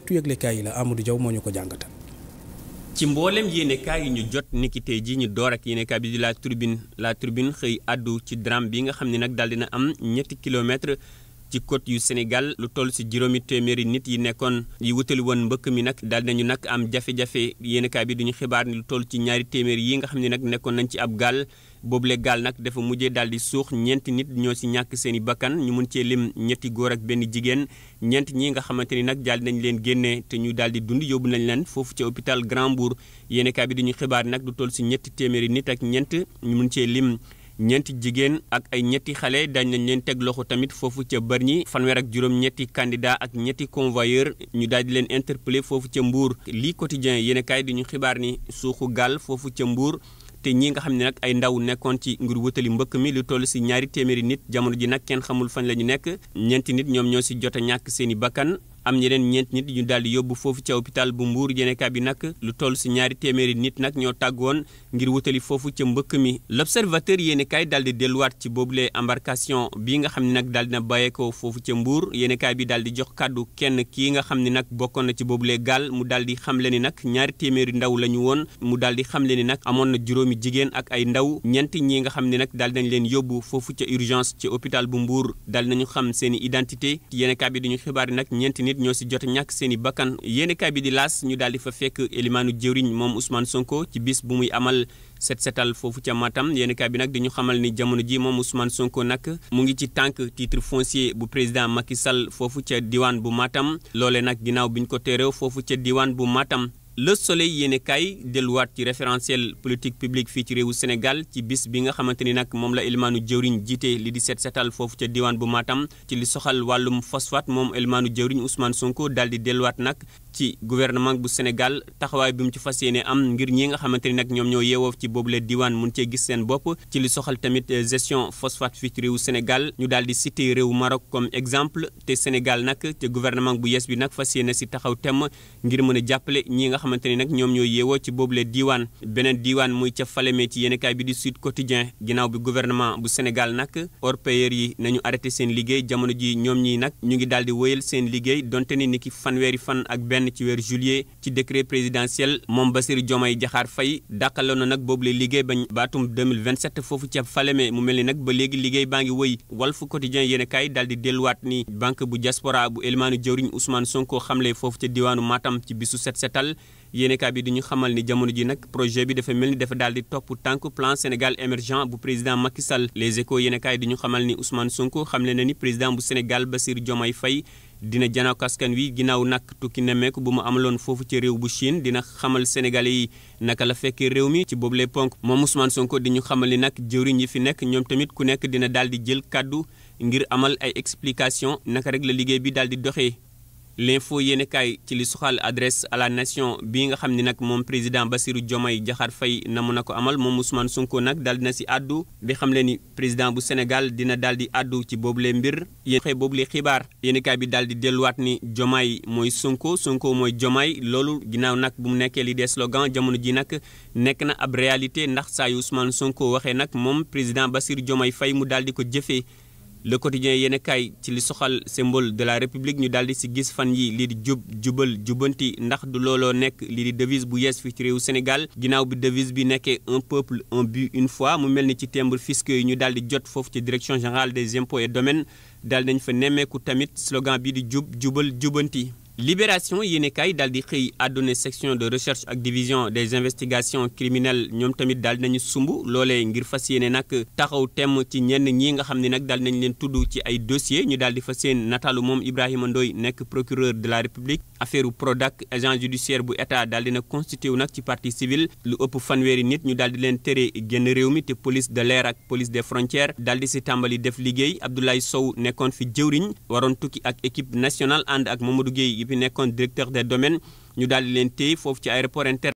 xeetu yi la Amadou Diaw moo ñu ko jàngatal. ci mboolem yéenekaay yi ñu jot niki tey jii ñu door ak yéenekaay bi di la Tribune la Tribune xëy addu ci drame bi nga xam ne nag daal dina am ñetti kilomètre ci côte yu Sénégal lu toll si juróomi téeméeri nit yi nekkoon yi wutali woon mbëkk mi nag daal nañu nag am jafe-jafe yéenekaay bi duñu xibaar ni lu toll ci ñaari téeméer yi nga xam ni nag nekkoon nañ ci ab gaal. boobule gaal nag dafa mujjee daal di suux ñeenti nit ñoo ci ñàkk seen i bakkan ñu mun cee lim ñetti góor ak benn jigéen ñeent ñi nga xamante ni nag jal nañ leen génnee te ñu daal di dund yóbbu nañ leen foofu ca hôpital Grand Mbour yéenekaay bi di ñu xibaar nag du toll ci ñetti téeméeri nit ak ñeent ñu mun cee lim. ñeenti jigéen ak ay ñetti xale dañ nañ leen teg loxo tamit foofu ca Bargny fanweer ak juróom ñetti candidat ak ñetti convoyeur ñu daal di leen interpellé foofu ca Mbour lii quotidien yéenekaay di ñu xibaar ni suuxu gaal foofu ca Mbour te ñi nga xam ne nag ay ndaw nekkoon ci ngir wutali mbëkk mi lu toll si ñaari téeméeri nit jamono ji nag kenn xamul fan la ñu nekk ñeenti nit ñoom ñoo si jot a ñàkk seeni i bakkan am ñeneen ñeent nit ñu daal di yóbbu foofu ca hôpital bu Mbour yéenekaay bi nag lu toll si ñaari téeméeri nit nag ñoo tàggoon ngir wutali foofu ca mbëkk mi l'observateur yéenekaay daal di delluwaat ci boobule embarcation bi nga xam ne nag daal na bàyyeekoo foofu ca mbuur yéenekaay bi daal di jox kàddu kenn kii nga xam ni nag bokkoon na ci boobule gaal mu daal di xamle ni nag ñaari téeméeri ndaw la ñu woon mu daal di xamle ni nag amoon na juróomi jigéen ak ay ndaw ñeent ñi nga xam ne nag daal nañ leen yóbbu foofu ca urgence ci hôpital bu Mbour daal nañu xam seen identité yéenekaay bi dañu xibaar nag ñoo si jot ñàkk seeni i bakkan yéenekaay bi di laas ñu daal di fa fekk élimaanu jëwriñ moom usmaan Sonko ci bis bu muy amal set setal foofu ca Matam yéenekaay bi nag di ñu xamal ni jamono ji moom Ousmane Sonko nag mu ngi ci tànk titre foncier bu président Macky Sall foofu ca diwaan bu Matam loole nag ginnaaw bi ñu ko teeree foofu ca diwaan bu Matam le soleil yéene kaay delluwaat ci référentiel politique publique fii ci réewu Sénégal ci bis bi nga xamante ni nag moom la elmaanu jëwriñ jiite li di seet setal foofu ca diwaan bu Matam ci li soxal wàllum phosphate moom elmaanu jëwriñ Ousmane Sonko daal di delluwaat nag ci gouvernement bu Sénégal taxawaay bi mu ci fas yéene am ngir ñi nga xamante ni nag ñoom ñoo yeewoo ci boobule diwaan mun cee gis seen bopp ci li soxal tamit gestion phosphate fii ci réewu Sénégal ñu daal di cité réewu Maroc comme exemple te Sénégal nag te gouvernement bu yees bi nag fas yéene si taxaw temm ngir mën a jàppale xamante ni nag ñoom ñoo yeewoo ci boobule diiwaan beneen diiwaan muy ca Falémé ci bi di Sud Quotidien ginnaaw bi gouvernement bu Sénégal nag orpailleurs yi nañu arrêté seen liggéey jamono ji ñoom ñi nag ñu ngi daal di wéyal seen liggéey donte ni niki fanweeri fan ak benn ci weer juillet ci décret présidentiel moom Bassirou Diomaye Diakhar Faye dàqaloon na nag boobule liggéey bañ baatum 2027 foofu ca Falémé mu mel ni nag ba léegi liggéey baa ngi wëy Walf Quotidien yéenekaay daal di delluwaat ni banque bu diaspora bu Elimaanu Jëwriñ Ousmane Sonko xamle foofu ca diwaanu maatam ci bisu set setal yéenekaay bi di ñu xamal ni jamono ji nag projet bi dafa mel ni dafa daal di topp tànk plan Sénégal émergent bu président Macky Sall les échos yéenekaay di ñu xamal ni Ousmane Sonko xamle na ni président bu senegal Sénégal Bassirou Diomaye fay dina janoo askan wi ginnaaw nag tukki nemmeeku bu mu amaloon foofu ci réew bu Chine dina xamal sénégalais yi naka la fekkee réew mi ci boobu lay ponk moom Ousmane Sonko di ñu xamal ni nag jëwriñ yi fi nekk ñoom tamit ku nekk dina daal di jël kàddu ngir amal ay explication naka rek la liggéey bi daal di doxee l'info foo kaay ci li soxal adresse à la nation bi nga xam ne nag moom président Bassirou Diomaye Diakhar fay namu na ko amal moom Ousmane Sonko nag daal dina si àddu di xam le ni président bu Sénégal dina daal di àddu ci boobule mbir yéen boobu lee xibaar yéen bi daal di delluwaat ni Diomaye mooy Sonko Sonko mooy Diomaye loolu ginnaaw nag bu mu nekkee li des slogan jamono ji nag nekk na ab réalité ndax saa yu Ousmane Sonko waxee nag moom président Bassirou Diomaye Faye mu daal di ko jëfee le quotidien yéen kaay ci li soxal symbole de la république ñu daal di si gis fan yi lii di jub jubal jubanti ndax du looloo nekk lii di devise bu yees fii ci réewu Sénégal ginnaaw bi devise bi nekkee un peuple un but une fois mu mel ni ci timbres fiscaux yi ñu daal di jot foofu ci direction générale des impôts et domaines daal nañ fa nemmeeku tamit slogan bi di jub jubal jubanti. libération yéenekaay daal di xëy àdduna section de recherche ak division des investigations criminelles ñoom tamit daal nañu sumb loolee ngir fas yéene nag taxaw temm ci ñenn ñi nga xam ni nag daal nañ leen tudd ci ay dossiers ñu daal di fas yéene nataalu moom Ibrahima Ndoye nekk procureur de la République affaire Prodac agent judiciaire bu état daal dina constitué wu nag ci partie civile lu ëpp fanweeri nit ñu daal di leen tere génn réew mi te police de l'air ak police des frontières daal si tàmbali def liggéey Abdoulaye Sow nekkoon fi jëwriñ waroon tukki ak équipe nationale ànd ak Mamadou yi fi nekkoon directeur des domaines ñu daal leen téye foofu ci aéroport inter